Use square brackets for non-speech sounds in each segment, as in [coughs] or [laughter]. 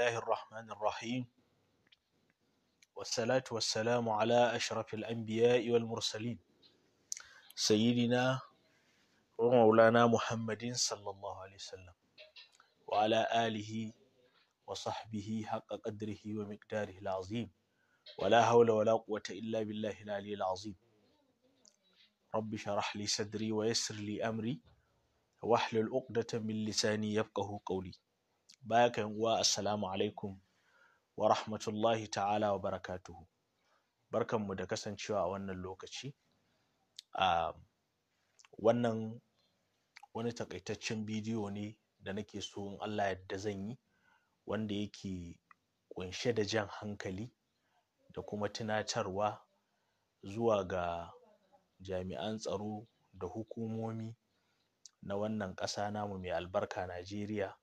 الله الرحمن الرحيم والصلاة والسلام على أشرف الأنبياء والمرسلين سيدنا ومولانا محمد صلى الله عليه وسلم وعلى آله وصحبه حق قدره ومقداره العظيم ولا حول ولا قوة إلا بالله العلي العظيم رب شرح لي صدري ويسر لي أمري واحلل عقدة من لساني يفقه قولي baya ka uwa assalamu alaikum wa rahmatullahi ta'ala wa barakatuhu barkanmu da kasancewa a wannan lokaci a wannan wani takaitaccen bidiyo ne da nake so in Allah yadda zan yi wanda yake kunshe da jan hankali da kuma tunatarwa zuwa ga jami'an tsaro da hukumomi na wannan ƙasa namu mai albarka Najeriya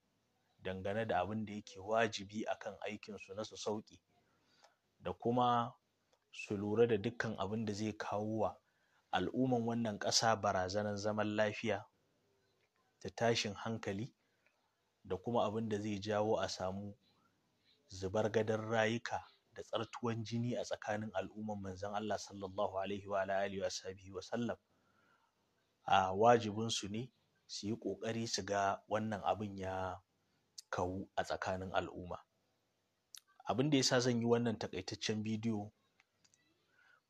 dangane da abin da yake wajibi a kan aikinsu na su sauƙi da kuma su lura da dukkan abin da zai kawo wa al'umman wannan ƙasa barazanar zaman lafiya da tashin hankali da kuma abin da zai jawo a samu zubar gadon rayuka da tsartuwan jini a tsakanin al'umman manzon Allah sallallahu alaihi wa alihi wa sallam a wajibinsu ne su yi ƙoƙari su ga wannan abin ya kawu a tsakanin al'umma abin da yasa zan yi wannan takaitaccen bidiyo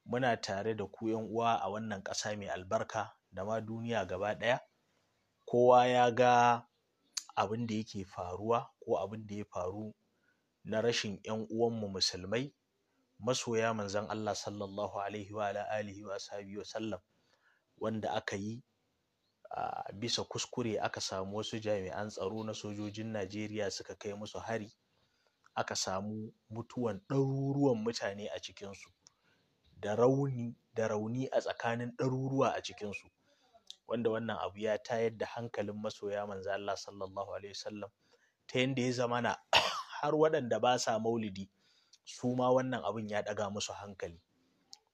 muna tare da ku yan uwa a wannan ƙasa mai albarka da ma duniya gaba ɗaya kowa ya ga abin da yake faruwa ko abin da ya faru na rashin yan uwanmu musulmai masoya manzon Allah sallallahu alaihi wa alihi wa sallam wanda aka yi a bisa kuskure aka samu wasu jami'an tsaro na sojojin najeriya suka kai musu hari aka samu mutuwan ɗaruruwan mutane a cikinsu da rauni da rauni a tsakanin ɗaruruwa a cikinsu wanda wannan abu ya tayar da hankalin masoya manzo Allah sallallahu alaihi wasallam ta yanda ya zama na. [coughs] har waɗanda ba sa maulidi su ma wannan abin ya ɗaga musu hankali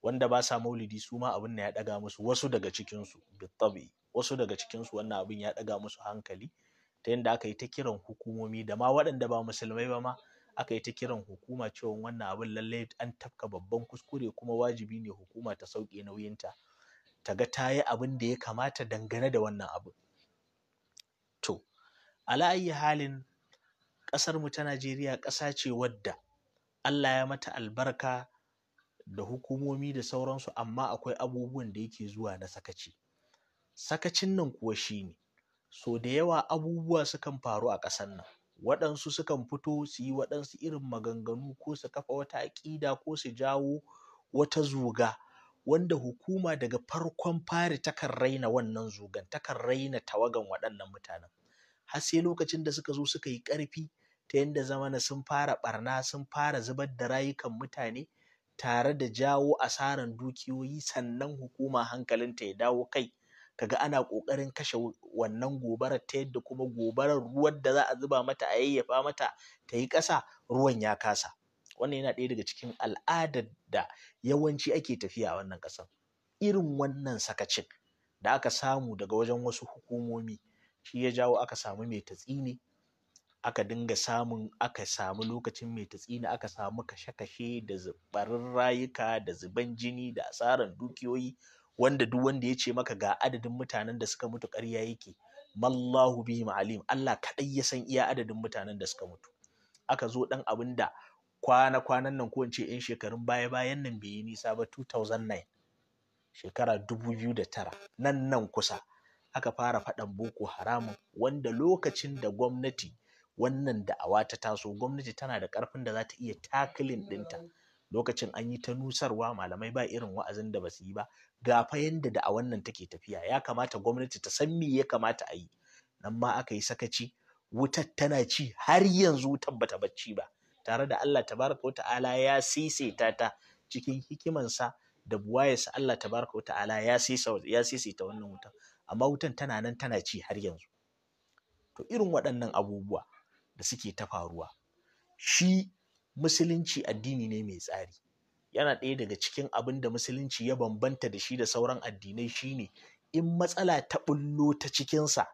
wanda ba sa maulidi su ma abin ya ɗaga musu wasu daga cikinsu Bittab'i. wasu daga cikinsu wannan abin ya ɗaga musu hankali ta yadda aka yi ta kiran hukumomi da ma waɗanda ba musulmai ba ma aka yi ta kiran hukuma cewa wannan abin lallai an tafka babban kuskure kuma wajibi ne hukuma ta sauke nauyinta ta ga ta yi abin da ya kamata dangane da wannan abin. To, ala halin ƙasar mu ta Najeriya ƙasa ce wadda Allah ya mata albarka da hukumomi da sauransu amma akwai abubuwan da yake zuwa na sakaci. Sakacin nan kuwa shi ne, so da yawa abubuwa sukan faru a ƙasan nan, waɗansu sukan fito su yi waɗansu irin maganganu ko su kafa wata aƙida ko su jawo wata zuga wanda hukuma daga farkon fari takan raina wannan zugan, takan raina tawagan waɗannan mutanen. Har sai lokacin da suka zo suka yi ƙarfi ta yadda zamana sun fara ɓarna sun fara zubar da rayukan mutane tare da jawo asaran dukiyoyi sannan hukuma hankalinta ya dawo kai. kaga ana ƙoƙarin kashe wannan gobarar ta yadda kuma gobarar ruwan da za a zuba mata a yayyafa mata ta yi ƙasa ruwan ya kasa wannan yana ɗaya daga cikin al'adar da yawanci ake tafiya a wannan ƙasar irin wannan sakacin da aka samu daga wajen wasu hukumomi shi ya jawo aka samu mai tatsine aka dinga samun aka samu lokacin mai tatsina aka samu kashe-kashe da zubarin rayuka da zuban jini da asaran dukiyoyi wanda duk wanda ya ce maka ga adadin mutanen da suka mutu ƙarya yake mallahu bihi alim Allah kaɗai ya san iya adadin mutanen da suka mutu aka zo ɗan abin da kwana kwanan nan ko 'yan shekarun baya bayan nan bai yi nisa ba 2009 shekara 2009 nan nan kusa aka fara faɗan boko haramun wanda lokacin da gwamnati wannan da da'awa ta taso gwamnati tana da ƙarfin da za ta iya takilin ɗinta lokacin an yi ta nusarwa malamai ba irin wa'azin da ba su yi ba ga fa yanda da a wannan take tafiya ya kamata gwamnati ta san me ya kamata a yi nan ma aka yi sakaci wutar tana ci har yanzu wutar bata bacci ba tare da Allah tabaraka ta'ala ya sisaita ta cikin hikimansa da buwayarsa Allah tabaraka ta'ala ya sisaita wannan wutar amma wutar tana nan tana ci har yanzu to irin waɗannan abubuwa da suke ta faruwa shi musulunci addini ne mai tsari yana ɗaya daga cikin abin da musulunci ya bambanta da shi da sauran addinai shine in matsala ta ɓullo ta cikinsa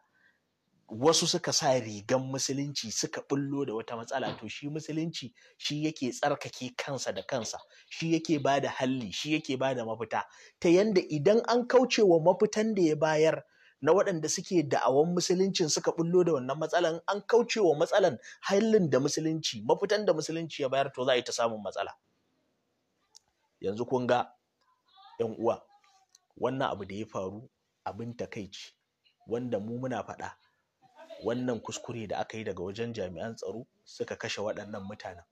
wasu suka sa rigan musulunci suka ɓullo da wata matsala to shi musulunci shi yake tsarkake kansa da kansa shi yake ba da halli shi yake ba da mafita ta yanda idan an kauce wa mafitan da ya bayar na waɗanda suke da'awan musuluncin suka bullo da wannan matsalan an kauce wa matsalan halin da musulunci mafitan da musulunci ya bayar to za a yi ta samun matsala. yanzu kun ga yan uwa wannan abu da ya faru abin takaici wanda mu muna faɗa wannan kuskure da aka yi daga wajen jami'an tsaro suka kashe waɗannan mutanen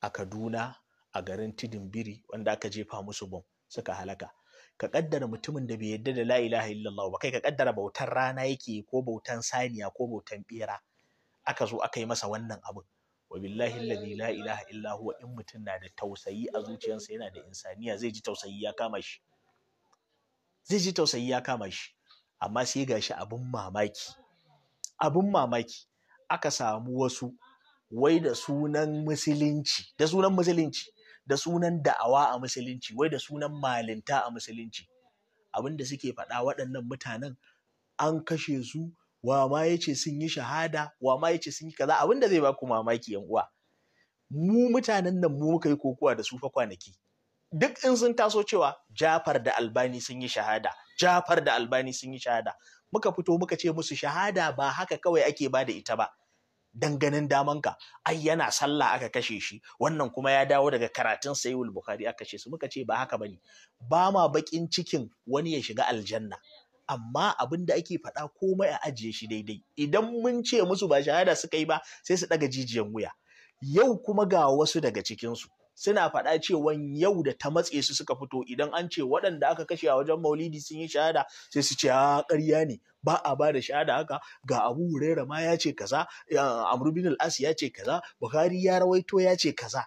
a Kaduna a garin biri wanda aka jefa musu bom suka halaka ka kaddara mutumin da bai yadda da la ilaha illallah ba kai ka kaddara bautan rana yake ko bautan saniya ko bautan bera aka zo aka yi masa wannan abin wa billahi alladhi la ilaha illa huwa in mutum na da tausayi a zuciyarsa yana da insaniya zai ji tausayi ya kama shi zai ji tausayi ya kama shi amma sai gashi abin mamaki abin mamaki aka samu wasu wai da sunan musulunci da sunan musulunci da sunan da'awa a musulunci wai da sunan malinta a musulunci abin da suke faɗa waɗannan mutanen an kashe su wa ma yace sun yi shahada wa ma yace sun yi kaza Abinda zai baku mamaki yan uwa mu mutanen nan mu muka yi kokowa da su fa kwanaki duk in sun taso cewa Jafar da Albani sun yi shahada Jafar da Albani sun yi shahada muka fito muka ce musu shahada ba haka kawai ake ba da ita ba danganin ka. ai yana sallah aka kashe shi wannan kuma ya dawo daga karatun sayyid bukhari aka kashe su muka ce ba haka bane ba ma bakin cikin wani ya shiga aljanna amma abin da ake faɗa komai a ajiye shi daidai idan mun ce musu ba shahada suka yi ba sai su ɗaga jijiyan wuya yau kuma ga wasu daga cikinsu suna faɗa cewa yau da ta matse su suka fito idan an ce waɗanda aka kashe a wajen maulidi sun yi shahada sai su ce a ah, ƙarya ne ba a ba da shahada haka ga abu huraira ma ya ce kaza amru bin al'as as ya ce kaza buhari ya rawaito ya ce kaza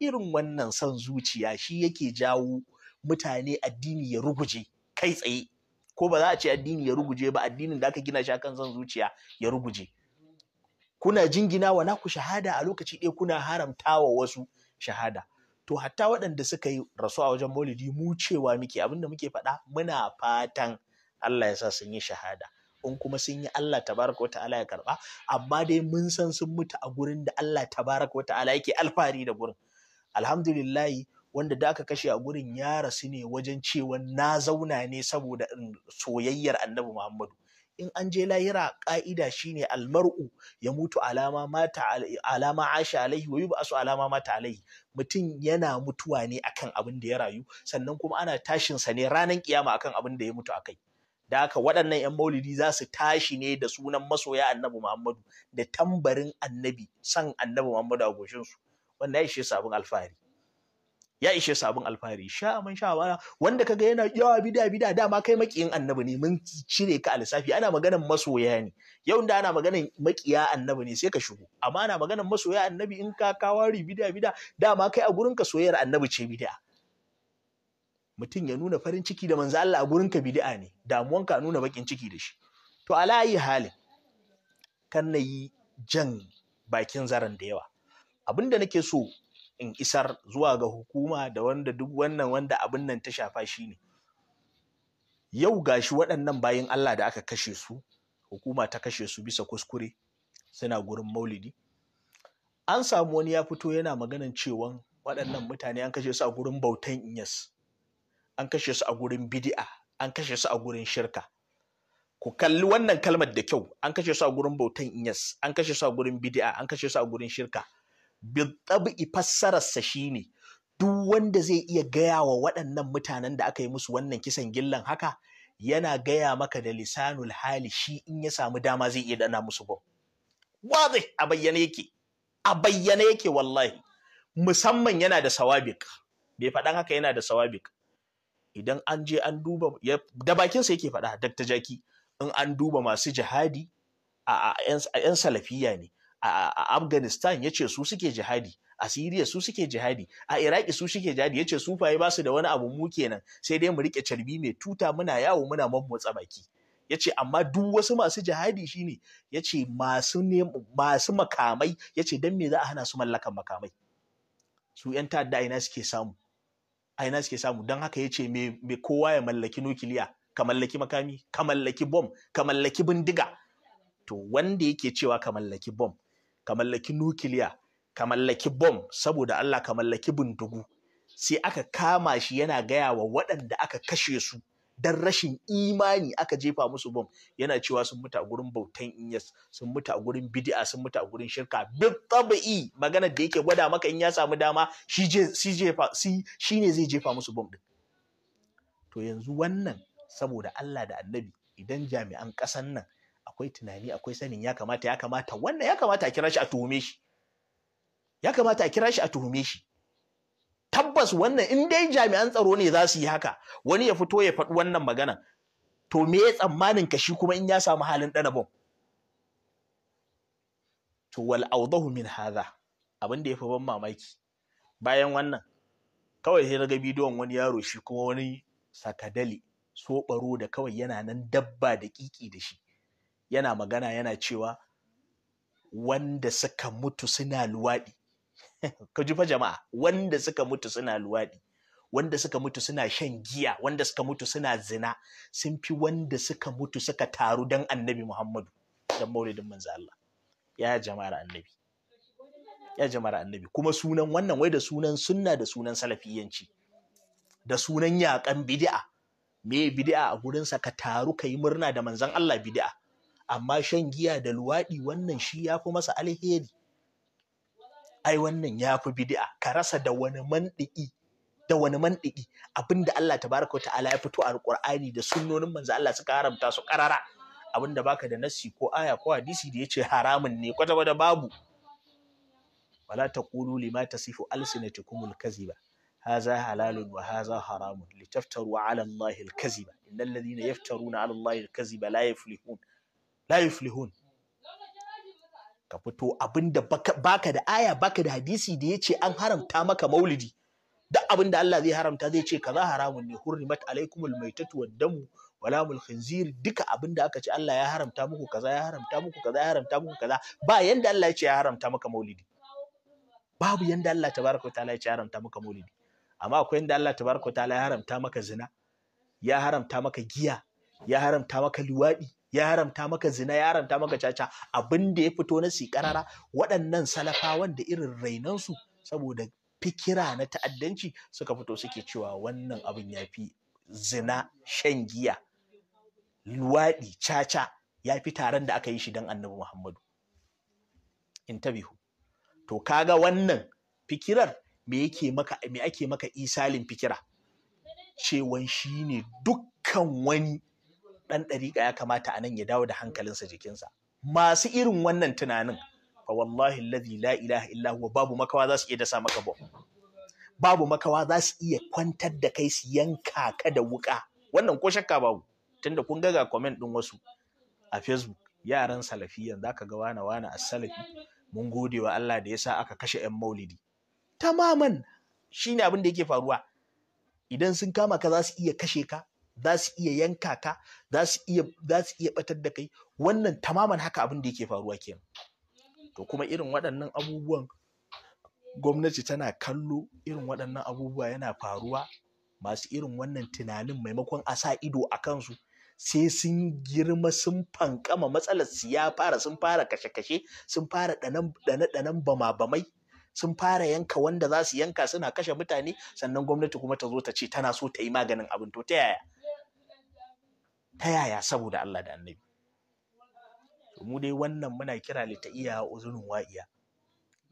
irin wannan son zuciya shi yake jawo mutane addini ya ruguje kai tsaye ko ba za a ce addini ya ruguje ba addinin da aka gina shi akan son zuciya ya ruguje kuna jingina wa naku shahada a lokaci ɗaya kuna haramtawa wasu shahada to hatta waɗanda suka yi rasuwa wajen maulidi mu cewa muke abinda muke faɗa muna fatan Allah ya sa sun yi shahada in kuma sun yi Allah tabaraka ta'ala ya karba amma dai mun san sun mutu a gurin da Allah tabaraka ta'ala yake alfahari da gurin alhamdulillahi wanda da aka kashe a gurin ya rasu ne wajen cewa na zauna ne saboda soyayyar annabi Muhammadu in an je lahira ka'ida shine almar'u ya mutu alama mata alama asha alaihi wa asu alama mata alaihi mutum yana mutuwa ne akan abin da ya rayu sannan kuma ana tashin sa ne ranar kiyama akan abin da ya mutu akai da haka waɗannan 'yan maulidi za su tashi ne da sunan masoya annabi muhammadu da tambarin annabi san annabi muhammadu a goshinsu wanda ya ishe sabon alfahari ya ishe sabon alfahari sha man sha baya wanda kaga yana yawa bida bida dama kai makiyin annabi ne mun cire ka alisafi ana maganan masoya ne yau da ana maganan makiya annabi ne sai ka shigo amma ana maganan masoya annabi in ka kawari bida bida dama kai a gurin ka soyayyar annabi ce bida mutum ya nuna farin ciki da manzo Allah a gurin ka bid'a ne damuwan ka nuna bakin ciki da shi to a halin kan nayi jan bakin zaran da yawa abinda nake so in isar zuwa ga hukuma da wanda duk wannan wanda abin nan ta shafa shi ne yau gashi waɗannan bayan Allah da aka kashe su hukuma ta kashe su bisa kuskure suna gurin maulidi an samu wani ya fito yana maganan cewa waɗannan mutane an kashe su a gurin bautan inyas an kashe su a gurin bidi'a an kashe su a gurin shirka ku kalli wannan kalmar da kyau an kashe su a gurin bautan inyas an kashe su a gurin bidi'a an kashe su a gurin shirka bittabi fassararsa ne. duk wanda zai iya gaya wa waɗannan mutanen da aka yi musu wannan kisan gillan haka yana gaya maka da lisanul hali shi in ya samu dama zai iya dana musu ba. wazi a bayyane yake a bayyane yake wallahi musamman yana da sawabik bai faɗan haka yana da sawabik idan an je an duba da bakinsa yake faɗa Dr. Jaki in an duba masu jihadi a 'yan salafiya ne a afghanistan ya ce su suke jihadi a siriya su suke jihadi a iraki su suke jihadi ya ce su faye ba su da wani abu mu kenan sai dai mu riƙe carbi mai tuta muna yawo muna mammotsa baki ya ce amma duk wasu masu jihadi shine ya ce masu makamai ya ce don me za a hana su mallakan makamai su 'yan ta'adda aina suke samu aina suke samu don haka ya ce me kowa ya mallaki nukiliya ka mallaki makami ka mallaki bom ka mallaki bindiga to wanda yake cewa ka mallaki bom ka mallaki nukiliya ka mallaki bom saboda Allah ka mallaki bindigu sai aka kama shi yana gaya wa waɗanda aka kashe su dan rashin imani aka jefa musu bom yana cewa sun mutu a gurin bautan inyas sun mutu a gurin bid'a sun mutu a gurin shirka bi tabi'i magana da yake gwada maka in ya samu dama shi jefa shi shine zai jefa musu bom din to yanzu wannan saboda Allah da Annabi idan jami'an ƙasan nan akwai tunani akwai sanin ya kamata ya kamata wannan ya kamata a kira shi a tuhume shi ya kamata a kira shi a tuhume shi tabbas wannan in dai jami'an tsaro ne za su yi haka wani ya fito ya faɗi wannan magana. to me ya tsammanin ka shi kuma in ya samu halin ɗana bom to wal awdahu min hadha abin da ya fi ban mamaki bayan wannan kawai sai ga bidiyon wani yaro shi kuma wani sakadali so baro da kawai yana nan dabba da kiki da shi yana magana yana cewa wanda suka mutu suna luwaɗi [laughs] ka ji fa jama'a wanda suka mutu suna luwaɗi wanda suka mutu suna shan giya wanda suka mutu suna zina sun fi wanda suka mutu suka taru don annabi muhammadu don maulidin manzo Allah ya jama'ar annabi ya jama'ar annabi kuma sunan wannan wai da sunan sunna da sunan salafiyanci da sunan yaƙan bid'a me bid'a a gurinsa ka taru ka yi murna da manzon Allah bid'a amma shan giya da luwaɗi wannan shi ya fi masa alheri ai wannan ya fi bid'a ka rasa da wani mandiki da wani mandiki abinda Allah tabaraka wa ta'ala ya fito a alqur'ani da sunnonin manzo Allah suka haramta su karara abinda baka da nassi ko aya ko hadisi da yace haramun ne kwata kwata babu wala taqulu lima tasifu alsinatukumul kaziba haza halalun wa haza haramun litaftaru ala allahi alkaziba innal ladhina yaftaruna ala allahi alkaziba la yuflihun la yuflihun ka fito abinda baka da aya baka da hadisi da yace an haramta maka maulidi duk abinda Allah zai haramta zai ce kaza haramun ne hurrimat alaikumul maitatu wad damu mul khinzir duka abinda aka ce Allah ya haramta muku kaza ya haramta muku kaza ya haramta muku kaza ba yanda Allah ya ce ya haramta maka maulidi babu yanda Allah tabaraka wa ta'ala ya ce ya haramta maka maulidi amma akwai yanda Allah tabaraka wa ta'ala ya haramta maka zina ya haramta maka giya ya haramta maka luwaɗi ya haramta maka zina ya haramta maka caca abin da ya fito na si waɗannan salafa da irin rainansu saboda fikira na ta'addanci suka fito suke cewa wannan abin ya fi zina shan giya luwaɗi caca ya fi taron da aka yi shi don annabi muhammadu intabihu to kaga wannan fikirar me yake ake maka isalin fikira cewan shine dukkan wani ɗan ɗariƙa ya kamata a nan ya dawo da hankalinsa jikinsa masu irin wannan tunanin fa wallahi lazi la ilaha illa huwa babu makawa za su iya dasa maka bom babu makawa za su iya kwantar da kai su yanka ka da wuka wannan ko shakka babu tunda kun ga ga comment ɗin wasu a Facebook yaran salafiyan ka ga wana wana a salafi mun gode wa Allah da ya sa aka kashe yan maulidi tamaman shine abin da yake faruwa idan sun kama ka za su iya kashe ka za su iya yanka ka za su iya batar da kai wannan tamaman haka abin da yake faruwa ke. to kuma irin waɗannan abubuwan gwamnati tana kallo irin waɗannan abubuwa yana faruwa masu irin wannan tunanin maimakon a sa ido a kansu sai sun girma sun fankama matsalar su ya fara sun fara kashe-kashe sun fara ɗanan bama-bamai sun fara yanka wanda za su yanka suna kashe mutane sannan gwamnati kuma ta zo ta ce tana so ta yi maganin abin to ta yaya ta yaya saboda Allah da annabi mu dai wannan muna kira ta iya uzunin wa'iya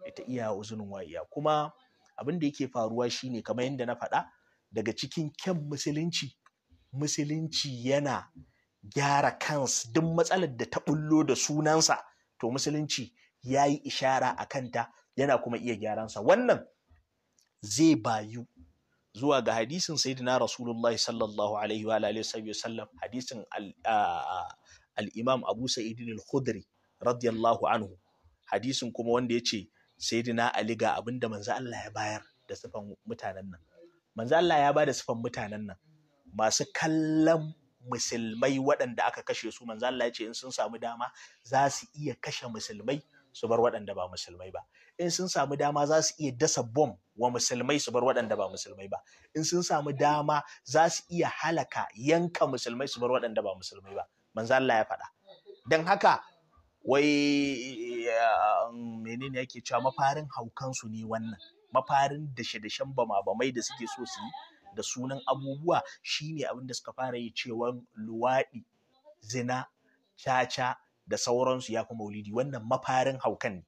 lita iya uzunin wa'iya kuma abin da yake faruwa shine kamar yadda na faɗa daga cikin kyan musulunci musulunci yana gyara kans duk matsalar da ta bullo da sunansa to musulunci yayi yi ishara a kanta yana kuma iya gyaransa wannan zai bayu zuwa ga hadisin sayyidina rasulullah sallallahu alaihi wa alihi hadisin al-imam abu sa'id al-khudri radiyallahu anhu hadisin kuma wanda ya ce sayyidina ali ga abinda manzo Allah ya bayar da sifan mutanen nan manzo Allah ya bada sifan mutanen nan masu kallon musulmai waɗanda aka kashe su manzo Allah ya ce in sun samu dama za su iya kashe musulmai su bar waɗanda ba musulmai ba in sun samu dama za su iya dasa bom wa musulmai su bar waɗanda ba musulmai ba in sun samu dama za su iya halaka yanka musulmai su bar waɗanda ba musulmai ba manzo Allah ya faɗa don haka wai um, menene yake cewa mafarin haukan su ne wannan mafarin dashe-dashen bama-bamai da suke so su yi da sunan abubuwa shine abin da suka fara yi cewa luwaɗi zina caca da sauransu ya fi maulidi wannan mafarin haukan ne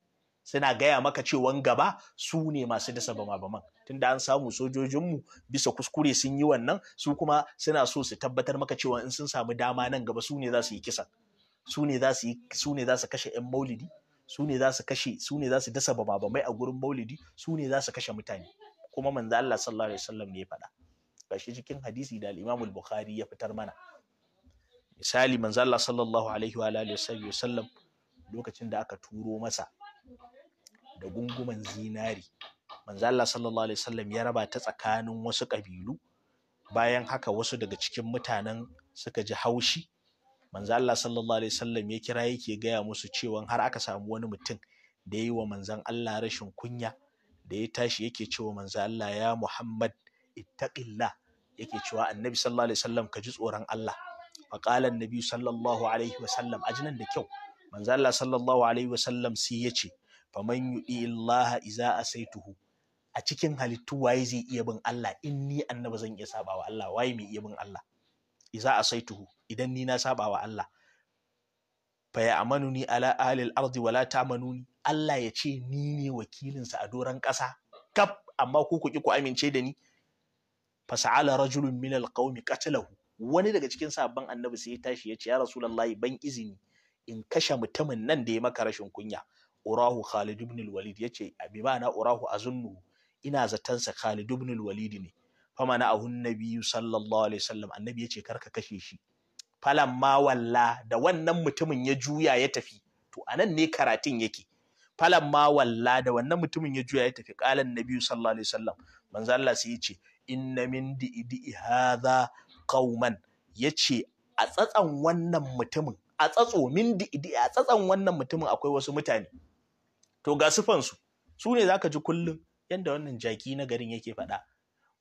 suna gaya maka cewan gaba su ne masu dasa bama-baman tunda an samu sojojinmu bisa kuskure sun yi wannan su kuma suna so su tabbatar maka cewa in sun samu dama nan gaba su ne za su yi kisan su ne za su kashe 'yan maulidi su ne za su kashe su ne za su dasa bama-bamai a gurin maulidi su ne za su kashe mutane kuma manzo Allah sallallahu alaihi wasallam ne ya faɗa gashi cikin hadisi da al-Imam al-Bukhari ya fitar mana misali manzo Allah sallallahu alaihi wa alihi wasallam lokacin da aka turo masa da gunguman zinari manzo Allah sallallahu alaihi wasallam ya raba ta tsakanin wasu kabilu bayan haka wasu daga cikin mutanen suka ji haushi manzo Allah sallallahu alaihi wasallam ya kira yake gaya musu cewa har aka samu wani mutum da yi wa manzan Allah rashin kunya da ya tashi yake cewa manzo Allah ya Muhammad ittaqillah yake cewa annabi sallallahu alaihi wasallam ka ji tsoron Allah qala annabi sallallahu alaihi wasallam ajinan da kyau manzo Allah sallallahu alaihi wasallam sai ya ce faman yuɗi illaha iza asaituhu a cikin halittu waye zai iya bin Allah in ni annabi zan iya saba wa Allah waye mai iya bin Allah iza asaituhu idan ni na saba wa Allah fa ya ala ahli al-ardi wala ta'manuni Allah ya ce ni ne wakilinsa a doron ƙasa kaf amma ku ku ki ku amince da ni sa'ala rajulun min alqaumi qatalahu wani daga cikin sabon annabi sai ya tashi ya ce ya rasulullahi ban izini in kashe mutumin nan da ya maka rashin kunya urahu Khalid ibn al-Walid yace abi ma'ana urahu azunnu ina sa Khalid ibn al-Walid ne mana a ahun nabi sallallahu alaihi wasallam annabi yace karka kashe shi falan ma walla da wannan mutumin ya juya ya tafi to anan ne karatun yake falan ma walla da wannan mutumin ya juya ya tafi qalan nabi sallallahu alaihi wasallam manzo Allah sai yace inna min haza hadha qauman yace a tsatsan wannan mutumin a tsatso min di'di a tsatsan wannan mutumin akwai wasu mutane to ga sufansu su ne za ka ji kullum yadda wannan jaki na garin yake faɗa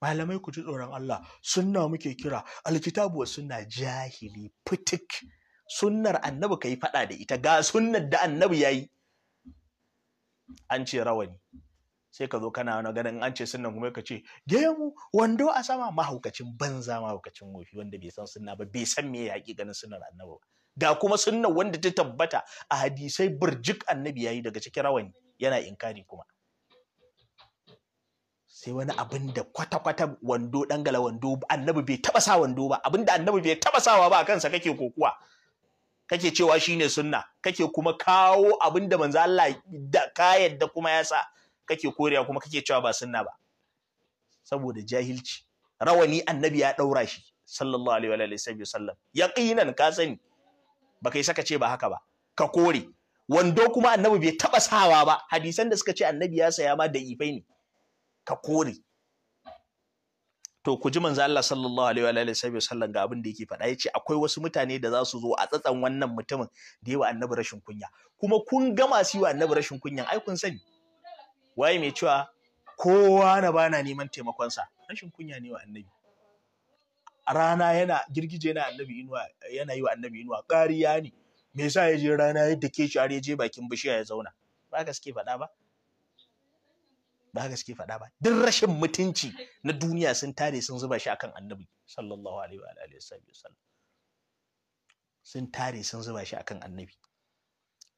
malamai ku ji tsoron Allah sunna muke kira alkitabu wa sunna jahili fitik sunnar annabi ka yi faɗa da ita ga sunnar da annabi ya yi an ce rawani sai ka zo kana wani ganin an ce sunnan kuma ka ce gemu wando a sama mahaukacin banza mahaukacin wofi wanda bai san sunna ba bai san me ya ganin sunnar annabi ba da kuma sunnan wanda ta tabbata a hadisai burjik annabi yayi daga cikin rawani yana inkari kuma sai wani abin da kwata-kwata wando dangala wando annabi bai taba sa wando ba abin da annabi bai taba sawa ba kansa kake kokuwa kake cewa shine sunna kake kuma kawo abin da manzo Allah da ka yadda kuma ya sa kake koriya kuma kake cewa ba sunna ba saboda jahilci rawani annabi ya daura shi sallallahu alaihi wa alihi wasallam yaqinan ka sani baka yi saka ce ba haka ba ka kore wando kuma annabi bai taba sawa ba hadisan da suka ce annabi ya saya ma da ifai ne ka kore to ku ji manzo Allah sallallahu alaihi wa alihi wasallam ga abin da yake faɗa yace akwai wasu mutane da za su zo a tsatsan wannan mutumin da yawa annabi rashin kunya kuma kun ga masu yi wa annabi rashin kunya, ai kun sani waye mai cewa kowa na bana neman taimakon sa rashin kunya ne wa annabi rana yana girgije na annabi inuwa yana yi wa annabi inuwa ƙariya ne me yasa ya je rana yadda ke shi har ya je bakin bishiya ya zauna ba ka suke faɗa ba ba ka suke faɗa ba duk rashin mutunci na duniya sun tare sun zuba shi akan annabi sallallahu alaihi wa alihi wasallam sun tare sun zuba shi akan annabi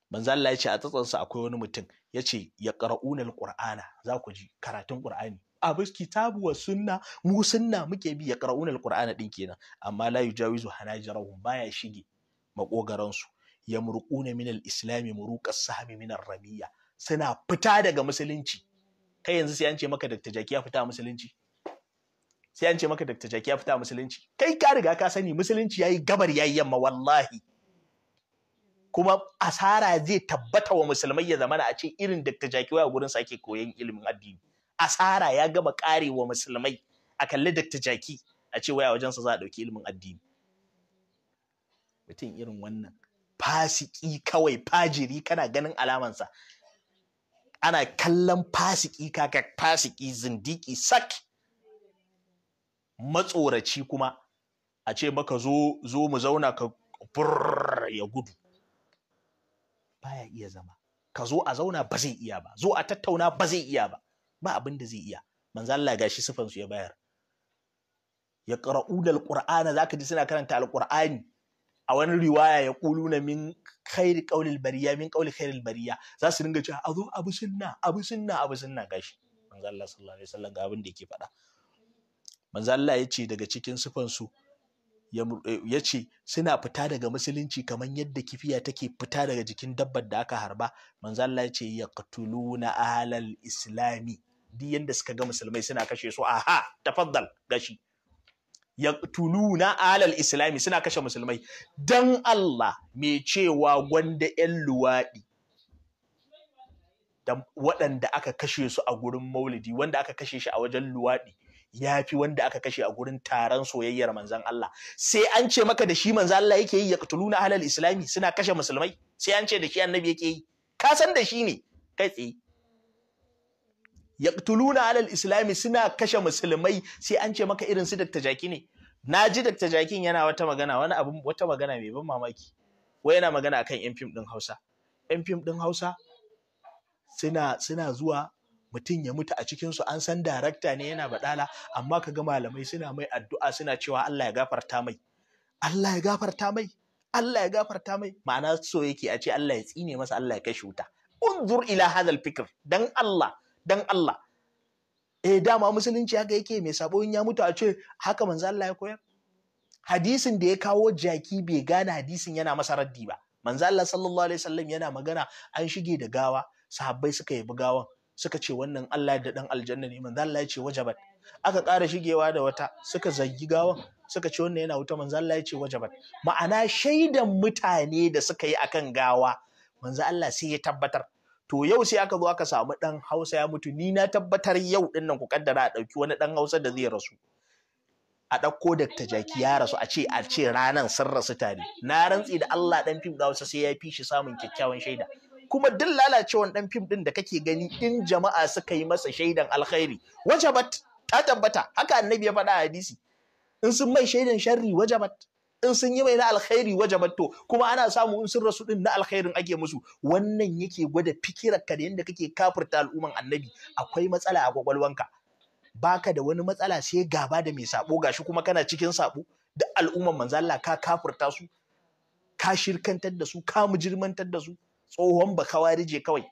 manzo Allah ya ce a tsatsansa akwai wani mutum ya ce ya qara'una alqur'ana za ku ji karatun qur'ani abu kitabu wa sunna mu sunna muke bi ya qara'una alqur'ana din kenan amma la yujawizu hanajarahum baya shige makogaran su murquna min alislam muruqas sahmi min arramiya suna fita daga musulunci kai yanzu sai an ce maka Dr. Jaki ya fita musulunci sai an ce maka Dr. Jaki ya fita musulunci kai ka riga ka sani musulunci yayi gabar yayi yamma wallahi kuma asara zai tabbata wa musulmai ya zamana a ce irin Dr. Jaki waya gurin sake koyon ilimin addini asara ya gama wa musulmai a kalli Dr. jaki a ce waya sa za a ɗauki ilimin addini mutum irin wannan fasiki kawai fajiri kana ganin alamansa ana kallon fasiki kaka fasiki zindiki sak matsoraci kuma a ce maka zo zo mu zauna ka burr ya gudu baya iya zama ka zo a zauna ba zai iya ba zo a tattauna ba zai iya ba ba abin da zai iya manzo Allah gashi sifan su ya bayar ya qara'una qur'ana zaka ji suna karanta alqur'ani a wani riwaya ya kuluna min khairi qaulil bariya min qauli khairil bariya za su dinga cewa azu abu sunna abu sunna abu sunna gashi manzo Allah sallallahu alaihi wasallam ga abin da yake faɗa manzo Allah ya ce daga cikin sifan su ya ce suna fita daga musulunci kamar yadda kifiya take fita daga jikin dabbar da aka harba manzo Allah ya ce yaqtuluna ahlal islami duk yanda suka ga musulmai suna kashe su aha tafaddal gashi ya tununa alal islami suna kashe musulmai dan Allah mai cewa gwanda yan luwaɗi da waɗanda aka kashe su a gurin maulidi wanda aka kashe shi a wajen luwaɗi yafi wanda aka kashe a gurin taron soyayyar manzon Allah sai an ce maka da shi manzon Allah yake yi ya tununa alal islami suna kashe musulmai sai an ce da shi annabi yake yi ka san da shi ne kai tsaye yaqtuluna alal islami suna kashe musulmai sai an ce maka irin su Dr. Jaki ne na ji Dr. Jaki yana wata magana wani abu wata magana mai ban mamaki wai yana magana akan yan fim din Hausa yan fim din Hausa suna suna zuwa mutum ya mutu a cikin su an san darakta ne yana baɗala amma ka ga malamai suna mai addu'a suna cewa Allah ya gafarta mai Allah ya gafarta mai Allah ya gafarta mai ma'ana so yake a ce Allah ya tsine masa Allah ya kashe wuta unzur ila hadal fikr dan Allah dan Allah eh dama musulunci haka yake mai sabo in ya mutu a ce haka manzo Allah ya koyar hadisin da ya kawo jaki bai gane hadisin yana masa raddi ba manzo Allah sallallahu alaihi wasallam yana magana an shige da gawa sahabbai suka yi gawan suka ce wannan Allah da dan aljanna ne manzo Allah ya ce wajabat aka ƙara shigewa da wata suka zagi gawan suka ce wannan yana wuta manzo Allah ya ce wajabat ma'ana shaidan mutane da suka yi akan gawa manzo Allah sai ya tabbatar to yau sai aka zo aka samu ɗan hausa ya mutu ni na tabbatar yau din nan ku kaddara a ɗauki wani dan hausa da zai rasu a ɗauko dakta jaki ya rasu a ce a ce ranan sun rasu tare na rantsi da Allah dan fim da hausa sai ya fi shi samun kyakkyawan shaida kuma duk lalacewan ɗan fim din da kake gani in jama'a suka yi masa shaidan alkhairi wajabat ta tabbata haka annabi ya faɗa a hadisi in sun mai shaidan sharri wajabat in sun yi mai na alkhairi matto, kuma ana samu in sun rasu din na alkhairin ake musu wannan yake gwada fikirar ka da yadda kake kafirta al'umman annabi akwai matsala a kwakwalwanka baka da wani matsala sai gaba da mai sabo gashi kuma kana cikin sabo da al'umman manzo Allah ka kafurta su ka shirkantar da su ka mujirmantar da su tsohon bakawarije kawai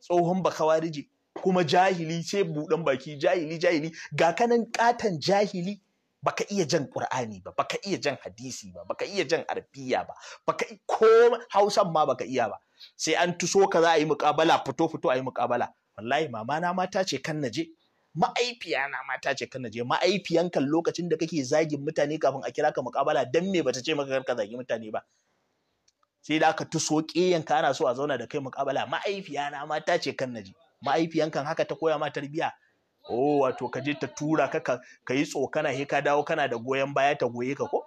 tsohon bakawarije kuma jahili sai budan baki jahili jahili ga kanan katan jahili baka iya jan qur'ani ba baka iya jan hadisi ba baka iya jan arbiya ba baka ko hausan ma baka iya ba sai an tuso ka za a yi muƙabala fito fito a yi muƙabala wallahi mama na mata ce kan naje ma'aifiya na mata ce kan naje ma'aifiyan kan lokacin da kake zagin mutane kafin a kira ka muƙabala dan me bata ce maka karka zagi mutane ba sai da aka tuso ka ana so a zauna da kai muƙabala ma'aifiya na mata ce kan naje ma'aifiyan kan haka ta koya ma tarbiyya oh wato ka je ta tura ka ka yi tsokana he ka dawo kana da goyon baya ta goye ka ko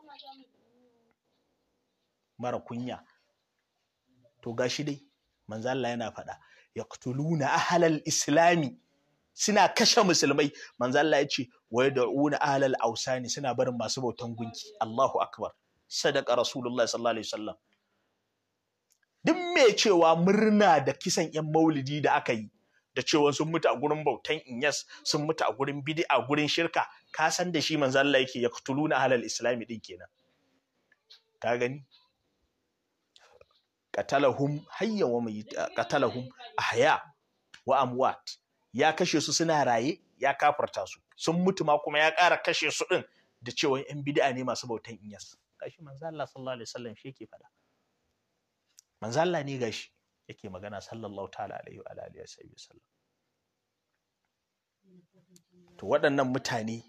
mara kunya to gashi dai manzo Allah yana faɗa yaqtuluna ahlal islami suna kashe musulmai manzo Allah ya ce wa una ahlal ausani suna barin masu bautan gunki Allahu akbar sadaqa rasulullahi sallallahu alaihi wasallam duk mai cewa murna da kisan yan maulidi da aka yi da cewa sun mutu a gurin bautan inyas sun mutu a gurin a gurin shirka ka san da shi manzo Allah yake na halal islami din kenan ka gani qatalahum hayya wa ah, qatalahum ahya wa amwat ya kashe su suna raye ya kafarta su sun mutu ma kuma ya ƙara kashe su din da cewa yan bid'a ne masu bautan inyas gashi manzo Allah sallallahu alaihi wasallam shi yake faɗa manzo Allah ne gashi yake magana sallallahu ta'ala alaihi wa alihi wa sallam to waɗannan mutane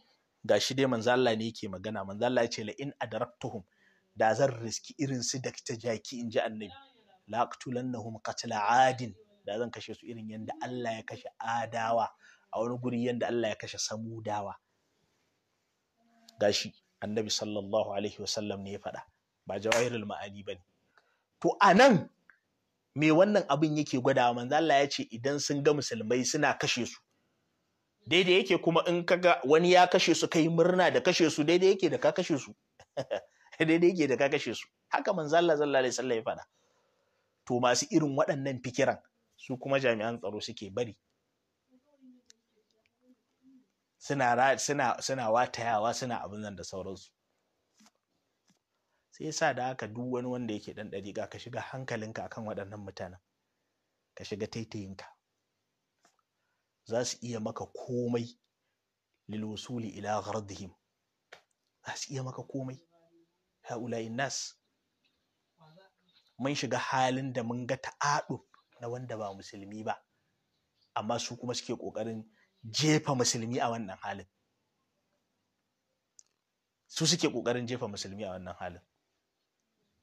gashi dai manzo Allah ne yake magana manzo Allah ya ce la in adraktuhum da zan riski irin su da ta jaki in ji annabi la aqtulannahum qatla adin da zan kashe su irin yanda Allah ya kashe adawa a wani guri yanda Allah ya kashe samudawa gashi annabi sallallahu alaihi wasallam ne ya faɗa ba jawahirul ma'ani bane to anan me wannan abin yake gwada manzo Allah ya ce idan sun ga musulmai suna kashe su daidai yake kuma in kaga wani ya kashe su kai murna da kashe su daidai yake da ka kashe su [laughs] daidai yake da ka kashe su haka manzo Allah sallallahu alaihi wasallam ya faɗa to masu irin waɗannan fikiran su kuma jami'an tsaro suke bari suna suna suna watayawa suna abin nan da sauransu sai yasa da haka duk wani wanda yake dan dariƙa ka shiga hankalinka akan waɗannan mutanen ka shiga taitayinka za su iya maka komai lilwusuli ila gardihim za su iya maka komai haula'i nas mun shiga halin da mun ga ta'adu na wanda ba musulmi ba amma su kuma suke ƙoƙarin jefa musulmi a wannan halin su suke ƙoƙarin jefa musulmi a wannan halin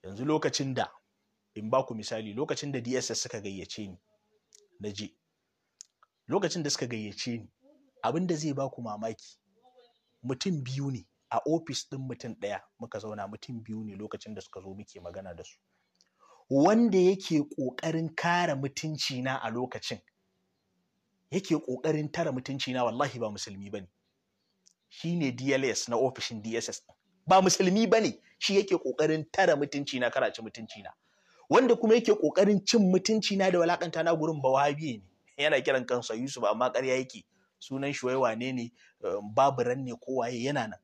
yanzu lokacin da in ba ku misali lokacin da DSS suka gayyace ni na je lokacin da suka gayyace ni abin da zai ba ku mamaki mutum biyu ne a ofis ɗin mutum ɗaya muka zauna mutum biyu ne lokacin da suka zo muke magana da su wanda yake ƙoƙarin kare mutunci na a lokacin yake ƙoƙarin tara mutunci na wallahi ba musulmi bane shine DLS na ofishin DSS ba musulmi bane shi yake kokarin tara mutunci na karaci mutunci na wanda kuma yake kokarin cin mutunci na da walakanta na gurin bawabi ne yana kiran kansa Yusuf amma ƙarya yake sunan shi wane ne ehm, baburan ne ko waye yana nan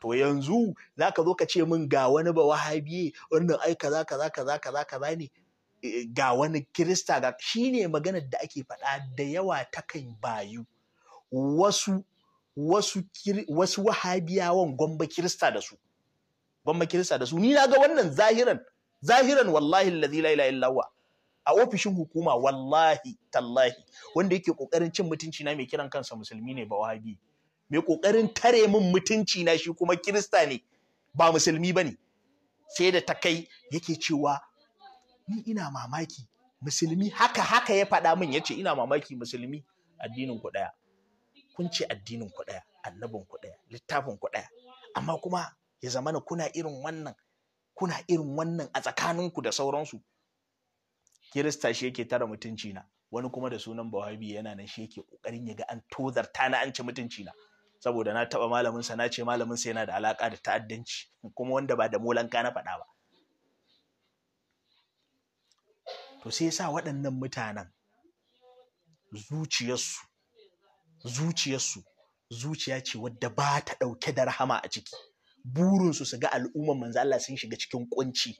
to yanzu zaka zo ka ce min ga wani bawahabi wannan ai kaza kaza kaza kaza kaza ne e, ga wani kirista ga shi ne maganar da ake faɗa da yawa ta kan bayu wasu wasu wasu wahabiyawan gwamba kirista da su gwamma kirista da su ni naga wannan zahiran zahiran wallahi allazi la ilaha illa huwa a ofishin hukuma wallahi tallahi wanda yake kokarin cin mutunci na mai kiran kansa musulmi ne ba wahabi mai kokarin tare min mutunci na shi kuma kirista ne ba musulmi bane sai da ta kai yake cewa ni ina mamaki musulmi haka haka ya faɗa min yace ina mamaki musulmi addinin ku daya kun ce addinin ku daya annabin ku daya littafin ku daya amma kuma ya zamana kuna irin wannan kuna irin wannan a tsakaninku da sauransu kirista shi yake tara mutunci na wani kuma da sunan bawabi yana nan shi yake kokarin ya ga an tozarta na an ci mutunci na saboda na taba malamin sa na ce malamin sa yana da alaka da ta'addanci kuma wanda ba da molanka na faɗa ba to sai yasa waɗannan mutanen zuciyarsu zuciyarsu zuciya ce wadda ba ta ɗauke da rahama a ciki burinsu su ga al'umma manzo Allah sun shiga cikin kunci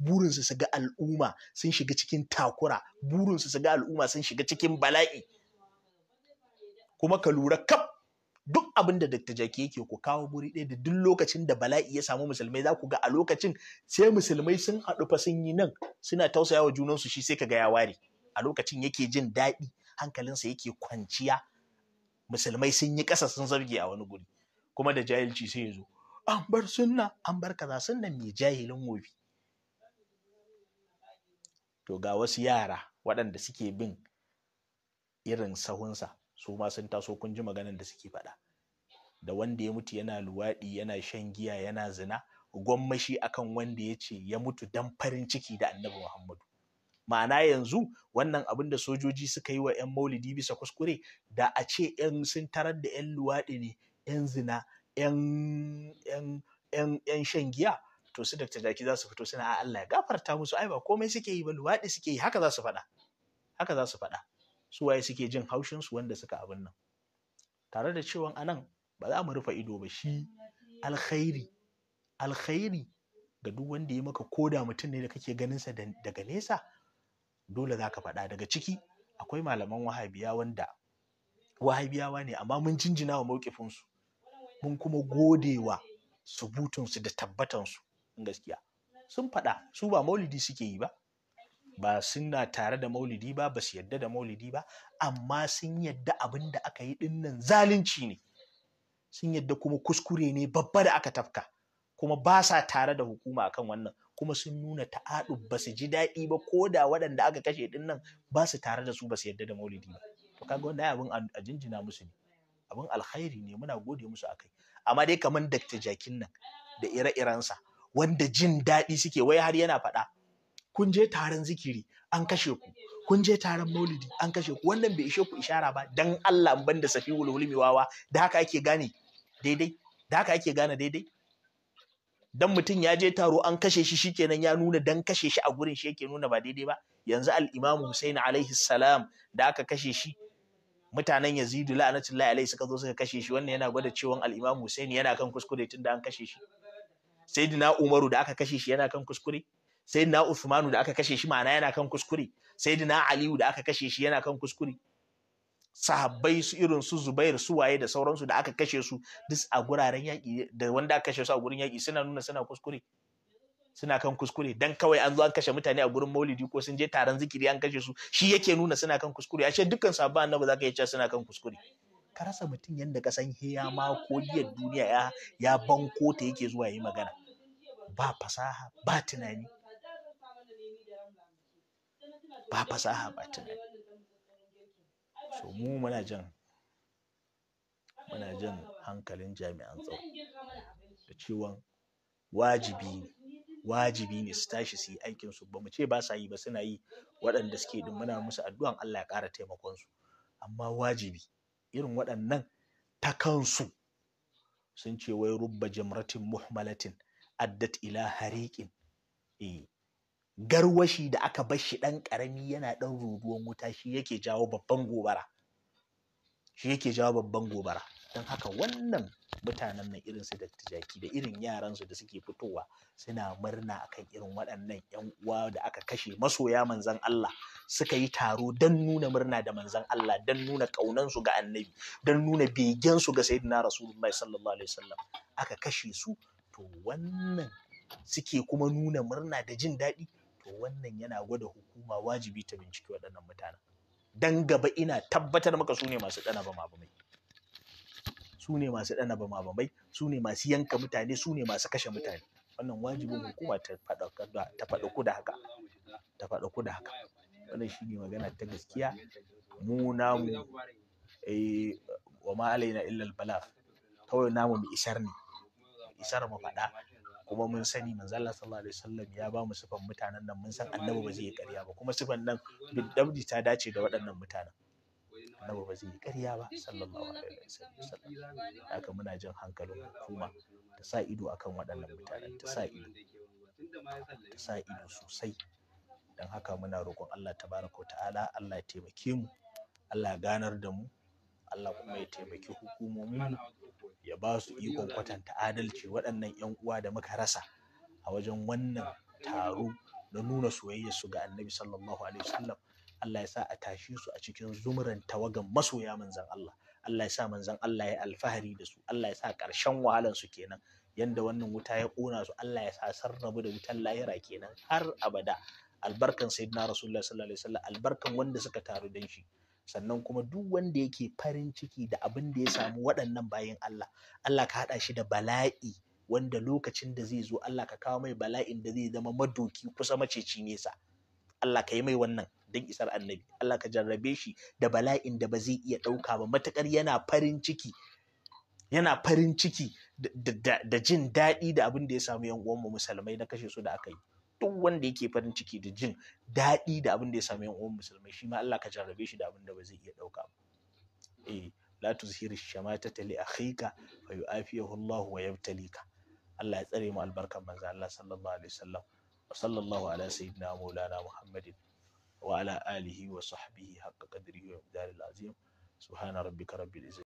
burinsu su ga al'umma sun shiga cikin takura burinsu su ga al'umma sun shiga cikin bala'i kuma ka lura kaf duk abin da Dr. Jaki yake ku kawo guri ɗaya da duk lokacin da bala'i ya samu musulmai za ku ga a lokacin sai musulmai sun haɗu fa sun yi nan suna tausaya tausayawa junansu shi sai ka ga ya ware a lokacin yake jin daɗi hankalinsa yake kwanciya musulmai sun yi ƙasa sun zarge a wani guri kuma da jahilci sai ya zo an bar sunna an bar kaza sunna mai jahilin wofi to ga wasu yara waɗanda suke bin irin sahunsa su ma sun taso kun ji maganar da suke faɗa da wanda ya mutu yana luwaɗi yana shan giya yana zina gwammashi akan wanda ya ce ya mutu dan farin ciki da annabi muhammadu ma'ana yanzu wannan abin da sojoji suka yi wa 'yan maulidi bisa kuskure da a ce 'yan sun tarar da 'yan luwaɗi ne 'yan zina 'yan yan shan giya to su Dr. Jaki za su fito suna Allah ya gafarta musu ai ba komai suke yi ba luwaɗi suke yi haka za su faɗa haka za su faɗa su waye suke jin haushin su wanda suka abin nan tare da cewa anan ba za mu rufe ido ba shi alkhairi alkhairi ga duk wanda ya maka koda mutum ne da kake ganin sa daga nesa dole za ka faɗa daga ciki akwai malaman wahabiya wanda wahabiyawa ne amma mun jinjina wa su mun kuma godewa subutunsu da tabbatansu gaskiya sun faɗa su ba maulidi suke yi ba ba suna tare da maulidi ba ba su yadda da maulidi ba amma sun yadda abin da aka yi dinnan zalunci ne sun yadda kuma kuskure ne babba da aka tafka kuma ba sa tare da hukuma akan wannan kuma sun nuna ta'adu ba su ji daɗi ba ko da waɗanda aka kashe dinnan ba su tare da su ba su yadda da maulidi ba to kaga wannan abin a jinjina musu ne abin alkhairi ne muna gode musu akai amma dai kamar Dr. jakin nan da ire-irensa wanda jin daɗi suke wai har yana faɗa kun je taron zikiri an kashe ku kun je taron maulidi an kashe ku wannan bai ishe ku ishara ba dan Allah ban da safi wulwulmi wawa da haka ake gane daidai da haka ake gane daidai dan mutum ya je taro an kashe shi shikenan ya nuna dan kashe shi a gurin shi yake nuna ba daidai ba yanzu al-Imam Hussein alaihi salam da aka kashe shi mutanen yazidu la'anatullahi alaihi suka zo suka kashe shi wannan yana gwada cewa al-imam yana kan kuskure tunda an kashe shi sayyidina umaru da aka kashe shi yana kan kuskure sayyidina usmanu da aka kashe shi ma'ana yana kan kuskure sayyidina aliyu da aka kashe shi yana kan kuskure sahabbai su irin su zubair su waye da sauransu da aka kashe su duk a guraren yaƙi da wanda aka kashe su a gurin yaki suna nuna suna kuskure suna kan kuskure dan kawai an zo an kashe mutane a gurin maulidi ko sun je taron zikiri an kashe su shi yake nuna suna kan kuskure ashe dukkan sabon annabi zaka iya cewa suna kan kuskure ka rasa mutum yadda ka san heya ma ko giyar duniya ya ya banko ta yake zuwa yi magana ba fasaha ba tunani ba fasaha ba tunani so mu muna jan muna jan hankalin jami'an tsaro da ciwon wajibi ne wajibi ne su tashi su yi aikin su ba mu ce ba sa yi ba suna yi waɗanda suke din muna musu addu'an Allah ya ƙara taimakon su amma wajibi irin waɗannan ta kansu sun ce wai rubba jamratin muhmalatin addat ila hariqin eh garwashi da aka bar shi ɗan ƙarami yana ɗan ruruwan wuta shi yake jawo babban gobara shi yake jawo babban gobara don haka wannan mutanen nan irin su Dr. Jaki da irin yaran su da suke fitowa suna murna akan irin waɗannan ƴan uwa da aka kashe masoya manzon Allah suka yi taro dan nuna murna da manzon Allah dan nuna kaunan su ga annabi dan nuna begen su ga sayyidina Rasulullahi sallallahu alaihi wasallam aka kashe su to wannan suke kuma nuna murna da jin daɗi to wannan yana gwada hukuma wajibi ta binciki waɗannan mutanen dan gaba ina tabbatar maka su ne masu ɗana ba ma Sune ne masu ɗana ba mabambai su masu yanka mutane su masu kashe mutane wannan wajibin hukuma ta faɗa da haka ta faɗa da haka wannan shi ne magana ta gaskiya mu namu eh wa ma alaina illa bala kawai namu mu isar ne isar mu faɗa kuma mun sani manzo Allah sallallahu alaihi wasallam ya ba mu sifan mutanen nan mun san annabi ba zai ƙarya ba kuma sifan nan bid ta dace da waɗannan mutanen annabi ba zai yi ƙarya ba sallallahu alaihi wasallam haka muna jin hankalin hukuma ta sa ido akan waɗannan mutanen ta sa ido ta sa ido sosai don haka muna roƙon Allah tabaraka wa ta'ala Allah ya taimake mu Allah ya ganar da mu Allah kuma ya taimaki hukumomin ya ba su ikon kwatanta adalci waɗannan ƴan uwa da muka rasa a wajen wannan taro na nuna soyayya su ga annabi sallallahu alaihi wasallam Allah ya sa a tashe su a cikin zumurin tawagan masoya manzan Allah Allah ya sa manzan Allah ya alfahari da su Allah ya sa ƙarshen wahalan su kenan yanda wannan wuta ya ƙona su Allah ya sa sarrabu da wutan lahira kenan har abada albarkan sayyidina rasulullah sallallahu alaihi wasallam albarkan wanda suka taru dan shi sannan kuma duk wanda yake farin ciki da abin da ya samu waɗannan bayin Allah Allah ka haɗa shi da bala'i wanda lokacin da zai zo Allah ka kawo mai bala'in da zai zama madoki kusa maceci nesa Allah ka yi mai wannan don isar annabi Allah ka jarrabe shi da bala'in da ba zai iya ɗauka ba matukar yana farin ciki yana farin ciki da jin daɗi da abin da ya samu yan uwanmu musulmai na kashe su da aka yi duk wanda yake farin ciki da jin daɗi da abin da ya samu yan uwanmu musulmai shi ma Allah ka jarrabe shi da abin da ba zai iya ɗauka ba eh la tuzhir shamatata li akhika fa yu'afiyahu Allah wa yabtalika Allah ya tsare mu albarkan manzo Allah sallallahu alaihi wasallam wa sallallahu ala sayyidina maulana Muhammadin وعلى آله وصحبه حق قدره ومقدار العظيم سبحان ربك رب العزة